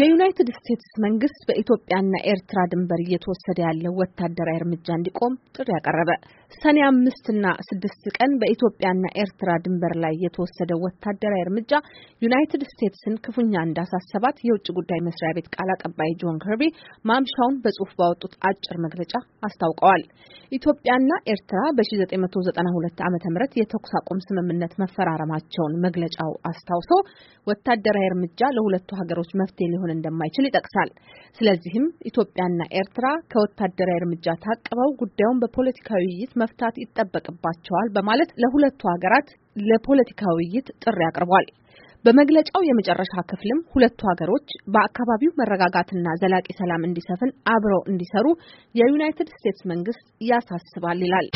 የዩናይትድ ስቴትስ መንግስት በኢትዮጵያና ኤርትራ ድንበር እየተወሰደ ያለው ወታደራዊ እርምጃ እንዲቆም ጥሪ ያቀረበ። ሰኔ አምስትና ስድስት ቀን በኢትዮጵያና ኤርትራ ድንበር ላይ የተወሰደ ወታደራዊ እርምጃ ዩናይትድ ስቴትስን ክፉኛ እንዳሳሰባት የውጭ ጉዳይ መስሪያ ቤት ቃል አቀባይ ጆን ከርቢ ማምሻውን በጽሁፍ ባወጡት አጭር መግለጫ አስታውቀዋል። ኢትዮጵያና ኤርትራ በ1992 ዓ ም የተኩስ አቁም ስምምነት መፈራረማቸውን መግለጫው አስታውሶ ወታደራዊ እርምጃ ለሁለቱ ሀገሮች መፍትሄ ሊሆን ሊሆን እንደማይችል ይጠቅሳል። ስለዚህም ኢትዮጵያና ኤርትራ ከወታደራዊ እርምጃ ታቅበው ጉዳዩን በፖለቲካዊ ውይይት መፍታት ይጠበቅባቸዋል በማለት ለሁለቱ ሀገራት ለፖለቲካ ውይይት ጥሪ አቅርቧል። በመግለጫው የመጨረሻ ክፍልም ሁለቱ ሀገሮች በአካባቢው መረጋጋትና ዘላቂ ሰላም እንዲሰፍን አብረው እንዲሰሩ የዩናይትድ ስቴትስ መንግስት ያሳስባል ይላል።